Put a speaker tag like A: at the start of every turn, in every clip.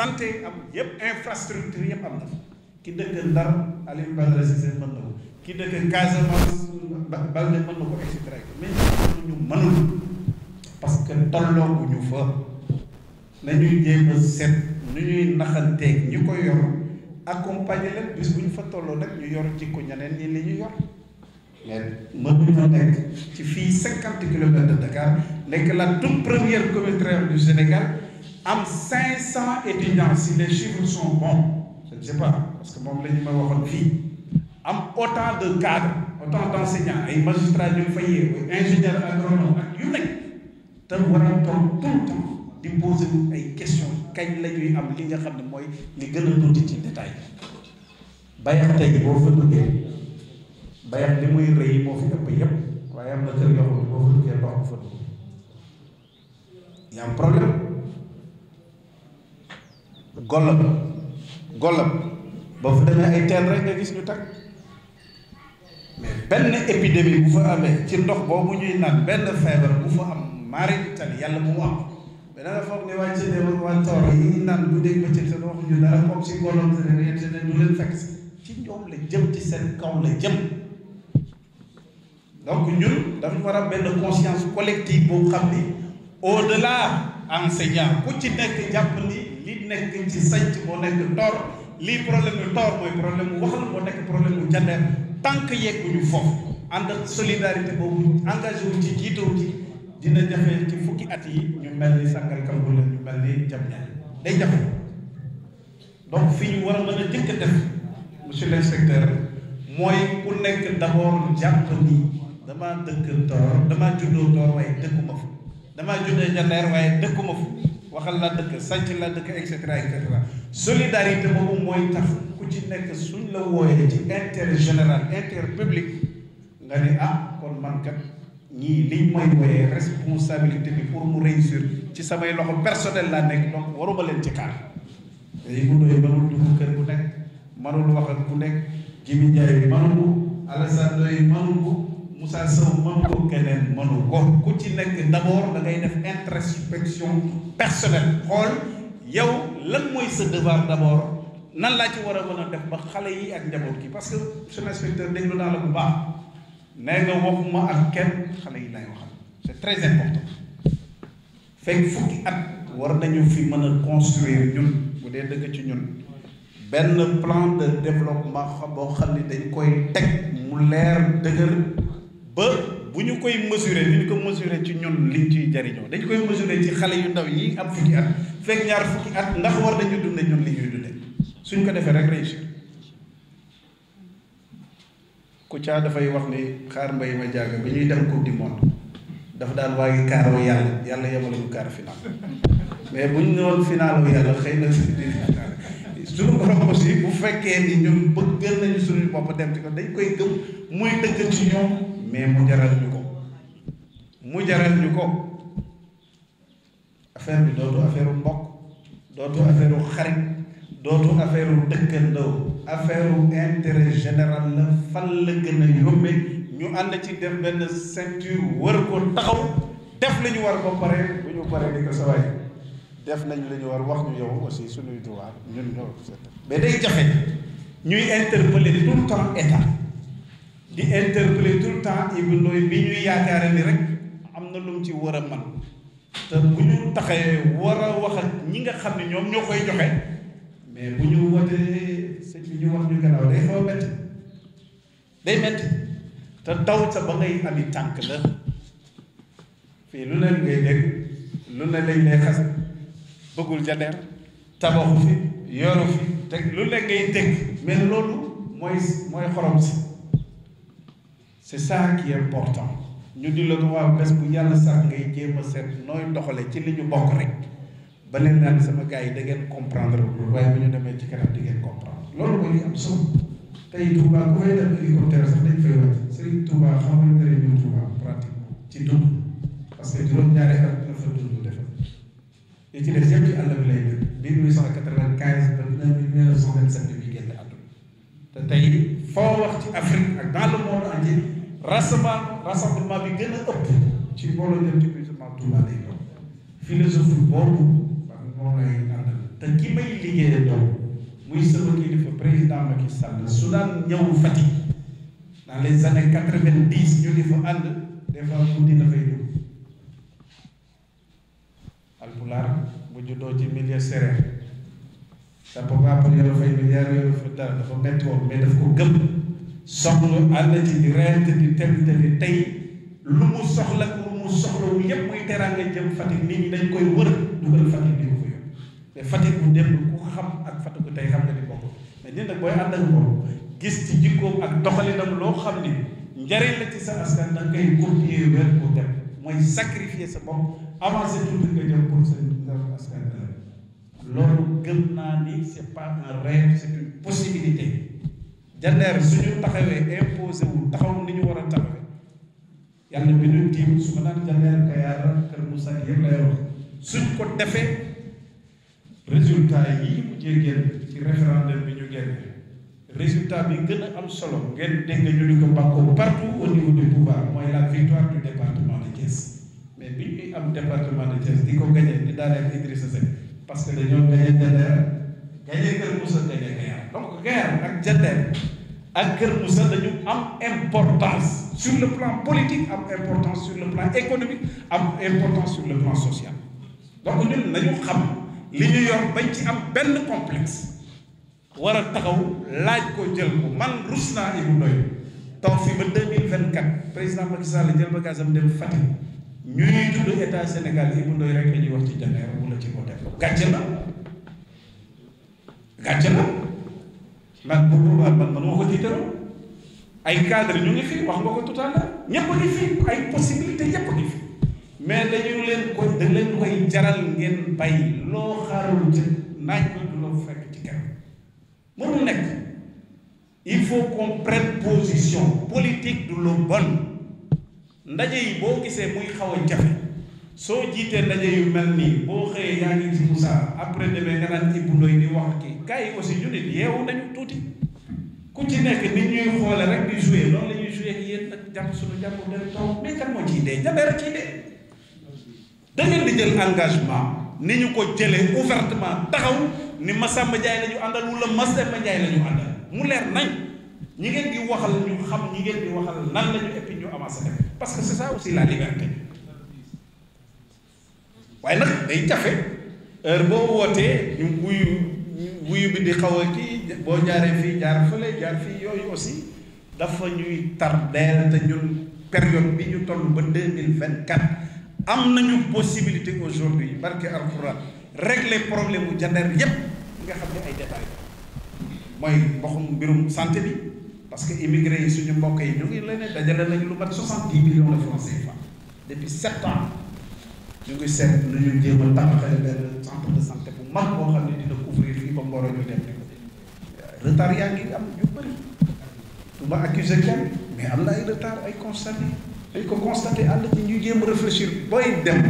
A: santé am yëpp infrastructure yëpp am na ki dëkk Ndar Alioune Badara Cissé mën na ko ki dëkk Casamance Balde mën na ko et cetera ñu mënul parce que tolloo bu ñu fa nañuy jéem a seet nu ñuy naxanteeg ñu ko yor accompagner bis bu ñu fa tolloo nag ñu yor jikko ñeneen ñi li ñu yor mais mënuñu nekk ci fii cinquante kilomètres de Dakar nekk la toute première commune du Sénégal. am 500 étudiants si les chiffres sont bons je ne sais pas parce que moom la ñu ma waxoon fii am autant de cadres autant d' enseignants ay magistrats ñu fa yeewu ingénieurs agronome ak yu nekk te war a toog tout le temps di ay questions kañ lañuy am li nga xam ne mooy li gën a tuuti ci détail bayax tey boo fa duggee bayax li muy rëy moo fi ëpp yépp waaye am na kër yoo boo fa duggee ndox fa dugg y a un problème gollab gollab ba fu demee ay ten rek nga gis ñu takk mais benn épidémie bu fa amee ci ndox boobu ñuy naan benn feebar bu fa am maari itali yàlla bu mu am mais da ne waa Sénégal waa Tawra yi ñu naan bu dégg bëccëg te waxuñu dara foog si gollab leen fekk ci ñoom la jëm ci seen kaw la jëm donc ñun dafa war a benn conscience collective boo xam ni au delà enseignant ku ci nekk jàpp ni. li nekk ci sanc moo nekk toor lii problème mu toor mooy problème mu waxal moo nekk problème mu jandeer tànk yegguñu foofu ànd solidarité boobu engagé ci jiitoo dina jafe ci fukki at yi ñu mel ni Sangalkam wala ñu mel ni Diamniadio day jafe donc fi ñu war a mën a jëkk def monsieur l' inspecteur mooy ku nekk d' jàpp ni damaa dëkk toor damaa juddoo toor waaye dëkkuma fa damaa juddoo jandeer waaye dëkkuma fa waxal la dëkk sanc la dëkk et cetera et cetera solidarité boobu mooy tax ku ci nekk suñ la wooyee ci intérêt général intérêt public nga ni ah kon man kat ñii liñ mooy wooyee responsabilité bi pour mu réussir ci samay loxo personnel laa nekk donc waruma leen ci xaar day mu doy mënul dugg kër bu nekk mënul wax ak bu nekk Jimi Njaay mënul ko Alassane Ndoye administration mënu ko keneen mënu ko ku ci nekk d'abord da ngay def introspection personnelle xool yow lan mooy sa devoir d'abord nan laa ci war a mën a def ba xale yi ak njaboot gi parce que monsieur l'inspecteur déglu naa la bu baax nee nga waxuma ak kenn xale yi lay waxal c'est très important fekk fukki at war nañu fi mën a construire ñun bu dee dëgg ci ñun benn plan de développement boo xam ni dañ koy teg mu leer dëgër ba bu ñu koy mesurer du ñu ko mesurer ci ñun liggéey jariñoo dañ koy mesurer ci xale yu ndaw yi am fukki at fekk ñaar fukki at ndax war nañu dunde ñun liggéey ñuy dunde suñ ko defee rek réussir Kouthia dafay wax ni xaar mbay ma jaaga bi ñuy def coupe du monde dafa daan waa ngi kaaroo yàlla yàlla yemale ñu kaar final mais bu ñu noonu finaaloo yàlla xëy na suñu borom aussi bu fekkee ni ñun bëgg nañu suñu bopp dem ci ko dañ koy gëm muy mais mu jaral ñu ko mu jaral ñu ko affaire bi dootu affaire mbokk dootu affaire xarit dootu affaire dëkkandoo affaire intérêt général la fan la gën a yombe ñu ànd ci def benn ceinture wër ko taxaw def li war ba pare bu ñu paree di ko sawaay def nañ lañu war wax ñu yow aussi suñuy droit ñun ñoo mais day jafe ñuy interpeller tout le temps état di interpeller tout le temps Ibou bi ñuy yaakaare ni rek am na lu ci war a man te bu ñu taxee war a wax ak ñi nga xam ne ñoom ñoo koy joxe mais bu ñu wotee sëñ bi ñu wax ñu gannaaw day xaw a day métti te daw sa ba ngay ami tànk la fii lu ne ngay dégg lu ne lañ lay xas bëggul janeer tabaxu fi yoru fi te lu ne ngay dégg mais loolu mooy mooy xorom si c'est ça qui est important ñu di la ko waaw bés bu yàlla sax ngay jéem a nooy doxale ci li ñu bokk rek ba leen naan sama gars yi da ngeen comprendre wul waaye bu ñu demee ci kanam di ngeen comprendre loolu mooy li am solo tey Touba ku fay dem hélicoptère sax dañ fay wàcc Serigne Touba xamal na leen ñu Touba pratique ci dund parce que juróom-ñaari at dina fa dund defal bi lay def 1895 ba 1927 bi génn àdduna te tey foo wax ci Afrique ak dans le monde entier. rassemblement rassemblement bi gën a ëpp ci mbooloo jëm ci musulman lay doon philosophie boobu man moom lay àndal te may liggéeyee doon muy sama kilifa président Macky Sall su daan ñëw Fatick dans les années quatre-vingt-dix ñu di fa ànd des fois ci milieu séeréer sa papa yore fay miliyaar yore fa dara dafa métti woon mais ko gëm. soxla àll ci di rent di te di tey lu mu soxla lu mu soxlawul yépp muy teraanga jëm Fatick nit ñi dañ koy wër dugal Fatick di ko fa yóbbu mais Fatick bu démb ku xam ak Fatick bu tey xam nga di bokk mais nit nag booy ànd ak moom gis ci jikkoom ak doxalinam loo xam ni njariñ la ci sa askan sa bopp avancé tuuti nga jëm pour sa askan loolu gëm naa ni c'est pas un rêve c'est jandeer suñu taxawee imposé wu taxaw ni ñu war a taxawee yàlla bi ñu tiim su ma naan jandeer Kayaar Kër Moussa yëpp lay wax suñ ko defee résultat yi mu jee génn ci référendum bi ñu génn résultat bi gën a am solo ngeen dégg ñu ni ko bàkkoo partout au niveau du pouvoir mooy la victoire du département de Thiès mais bi ñuy am département de Thiès di ko gagné di daaneel Idrissa Seck parce que dañoo gagné jandeer gagné Kër Moussa donc guerre ak Jader ak Kër Moussa dañu am importance sur le plan politique am importance sur le plan économique am importance sur le plan social donc ñun nañu xam li ñu yor bañ ci am benn complexe war a taxaw laaj ko jël ko man rus naa yi mu doy taw fii ba 2024 président Macky Sall jël bagaasam dem Fatick ñuy tudd état Sénégal yi mu rek ñuy wax ci janeer wala ci na gàcce na man bu boobaa man man ma ko tiitaru ay cadre ñu ngi fi wax nga ko tout à l'heure ñëpp a fi ay possibilité ñëpp a ngi mais dañu leen ko dañ leen koy jaral ngeen bay loo xaarul ci naaj bi du loo fekk ci kenn mënul nekk il faut qu'on position politique du lu bon ndaje yi boo gisee muy xaw a jafe soo jiitee ndaje yu mel nii boo xëyee yaa ngi ci Moussa après demee nga naan Ibou Ndoye di wax kii gars yi aussi ñu nit yeewu nañu tuuti
B: ku ci nekk nit ñuy xoole rek di joué loolu la
A: ñuy joué ak yéen nag jàpp suñu jàpp del toog mais kan moo ciy dee jabee rek ciy dee da ngeen di jël engagement ni ñu ko jëlee ouvertement taxaw ni Massamba Ndiaye la ñu àndal wala ma Ndiaye la ñu àndal mu leer nañ ñi ngeen di waxal ñu xam ñi ngeen di waxal nan la ñu et puis ñu avancé que c'est ça aussi la liberté waaye nag day jafe heure boo wootee ñu wuyu wuyu bi di xaw a kii boo jaaree fii jaar fële jaar fii yooyu aussi dafa ñuy tardeel te ñun période bi ñu toll ba deux mille vingt quatre am nañu possibilité aujourd'hui barke alxuraan régler problème mu jandeer yépp nga xam ne ay détail mooy mbirum santé bi parce que immigré yi suñu mbokk yi ñu ngi leen dajale nañu lu mat de francs CFA depuis sept ñu ngi seet lu ñu jéem a tabaxee benn centre de santé bu mag boo xam ne dina couvrir fii ba Mboro ñu dem ko retard yaa ngi am ñu bëri du accuser kenn mais am na ay retard ay constaté dañ ko constaté àll ci ñu jéem réfléchir booy dem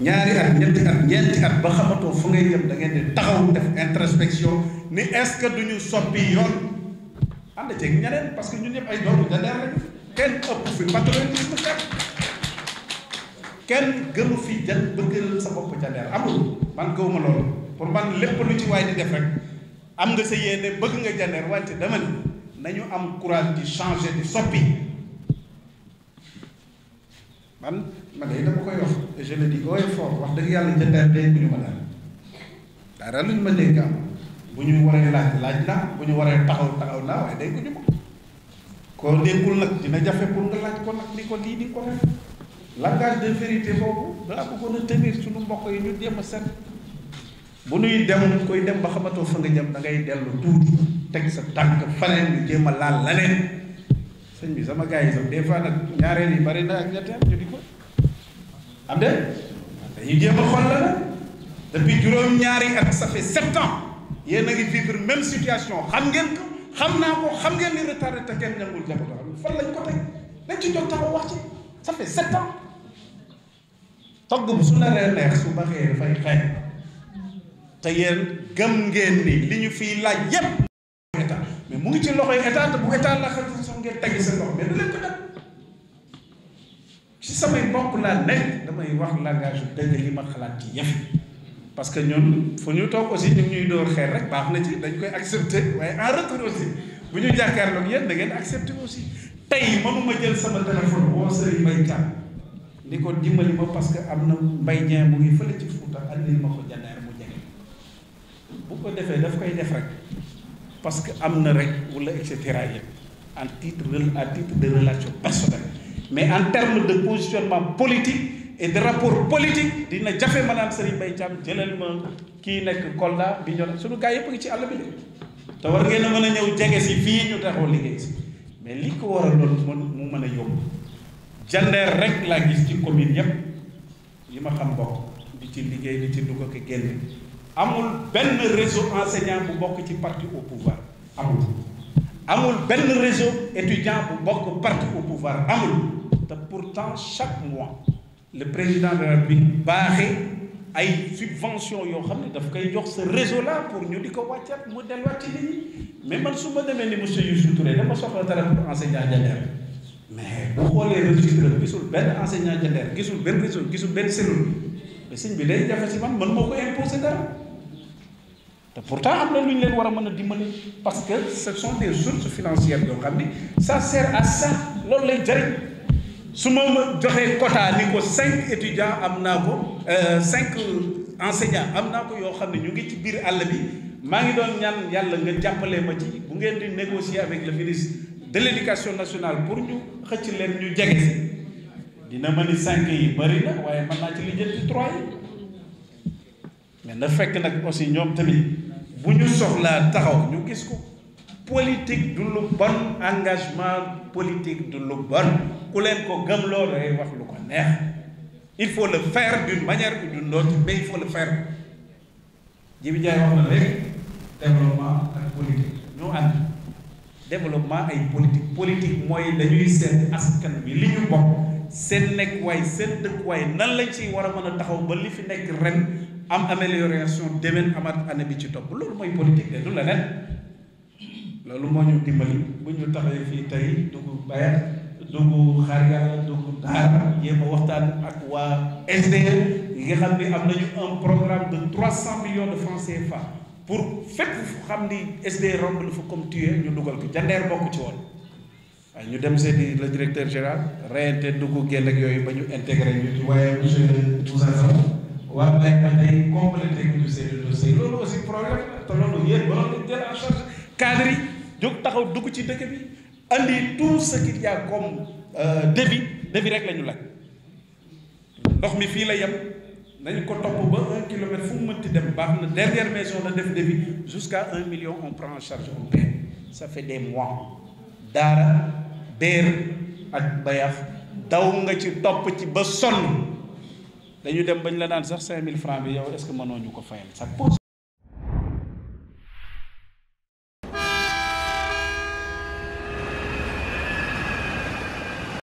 A: ñaari at ñetti at ñeenti at ba xamatoo fu ngay dem da ngeen di taxaw def introspection ni est-ce que duñu soppi yoon ànd ceeg ñeneen parce que ñun ñëpp ay doomu da leer lañu kenn ëpp fi patriotisme kenn gënu fi jat bëggal sa bopp ca leer amul man gëwuma loolu pour man lépp lu ci waay di def rek am nga sa yéene bëgg nga janeer wante dama nañu am courage di changer di soppi man ma day dama koy wax je le dis haut wax dëgg yàlla jëndaat day bu ñu ma daal dara luñ ma dégg am bu ñu waree laaj laaj naa bu ñu waree taxaw taxaw naa waaye day ko ñu ma koo déggul nag dina jafe pour nga laaj ko nag ni ko lii di ko def langage de vérité boobu daa bëggoon a tenir suñu mbokk yi ñu jéem a set bu nuy dem koy dem ba xamatoo fa nga jëm da ngay dellu tuuti teg sa tànk faneen ñu jéem a laal laneen sëñ bi sama gars yi sax des fois ñaareel yi bari na ak ñetteel am de dañuy jéem a xool juróom-ñaari at ça fait sept ans yéen a ngi même situation xam ngeen ko xam naa ko xam ngeen ni retardé te kenn ñangul jàpp fan lañ ko teg dañ ci jot taxaw wax ci ça fait togg bu su naree neex su baxee dafay xeeñ te yéen gëm ngeen ni li ñu fiy laaj yépp mais mu ngi ci loxo état te bu état la xam ne sax ngeen teg sa loxo mais du leen ko def ci samay mbokk laa nekk damay wax langage dëgg li ma xalaat ci yëf parce ñun fu ñu toog aussi ñu ñuy door xeer rek baax na ci dañ koy accepter waaye en retour aussi bu ñu jàkkaarloog yéen da ngeen accepter aussi tey mënuma jël sama téléphone woo Serigne Mbaye Thiam li ko dimbali ma parce que am na mbay jeen bu ngi fële ci Fuuta andil ma ko jandeer mu jege bu ko defee daf koy def rek parce que am na rek wala et cetera yëpp en titre à titre de relation personnelle mais en terme de positionnement politique et de rapport politique dina jafe maanaam Serigne Mbaye Thiam jëlal ma kii nekk Kolda bi ñor suñu gars yëpp ngi ci àll bi de
B: te war ngeen a mën a
A: ñëw jege si fii ñu taxaw liggéey si mais li ko war a loolu mu mën a yomb jandeer rek laa gis ci commune yépp yi ma xam bokk di ci liggéey di ci dugg ak génn amul benn réseau enseignant bu bokk ci parti au pouvoir amul benn réseau étudiant bu bokk parti au pouvoir amul te pourtant chaque mois le président de la République baaxee ay subvention yoo xam ne daf koy jox sa réseau la pour ñu di ko wàccat mu delluwaat ci nit ñi mais man su ma demee ni monsieur Youssou Touré dama soxla dara pour enseignant jandeer mais bu xoolee registre gisul benn enseignant gendarme gisul benn réseau gisul benn cellule mais sëñ bi day jafe si man man moo ko imposé dara te pourtant am na lu ñu leen war a mën a dimbali parce que ce sont des sources yoo xam ni sa sert à ça loolu lay jëriñ su ma joxee quota ni ko cinq étudiants am naa ko euh, cinq enseignants am naa ko yoo xam ne ñu ngi ci biir àll bi maa ngi doon ñaan yàlla nga jàppalee ma ci bu ngeen di négocier avec le ministre. de l'éducation nationale pour ñu xëcc leen ñu jege si dina ma ni cinq yi bëri waaye mën naa ci li jël ci trois yi na fekk nag aussi ñoom tamit bu ñu soxlaa taxaw ñu gis ko politique du lu bon engagement politique du lu bon ku leen ko gëm loolu day wax lu ko neex il faut le faire d'une manière ou d'une autre mais il faut le faire Jibi wax na léegi développement ak politique ñu ànd développement ay politique politique mooy dañuy seet askan bi li ñu bokk seen nekkwaay seen dëkkuwaay nan lañ ciy war a man a taxaw ba li fi nekk ren am amélioration demen amaat année bi ci topp loolu mooy politique de du la nen loolu moo ñu dimbali bu ñu taxawee fii tey dugg bayat dugg xaar yàlla dugg daara yéem a waxtaan ak waa SDE yi nga xam ne am nañu un programme de trois cent millions de francs CFA pour fépp fu xam ni SD romb la fa comme tué ñu dugal ko jandeer bokk ci woon waaye ñu dem seeti le directeur général reyante dugg génn ak yooyu ba ñu intégré ñu ci waaye monsieur le Toussaint war nañ ko loolu aussi ba loolu jël en cadre yi taxaw dugg ci dëkk bi andi tout ce qu'il y comme débit euh, débit rek la ñu ndox mi fii la yem nañ ko topp ba un kilomètre fu mënti dem baax na dernière maison la def débit jusqu'à un million on prend en charge on paie ça fait des mois daara beer ak bayax daw nga ci topp ci ba sonn dañu dem bañ la naan sax cinq mille francs bi yow est mënoo ñu ko fayal ça pose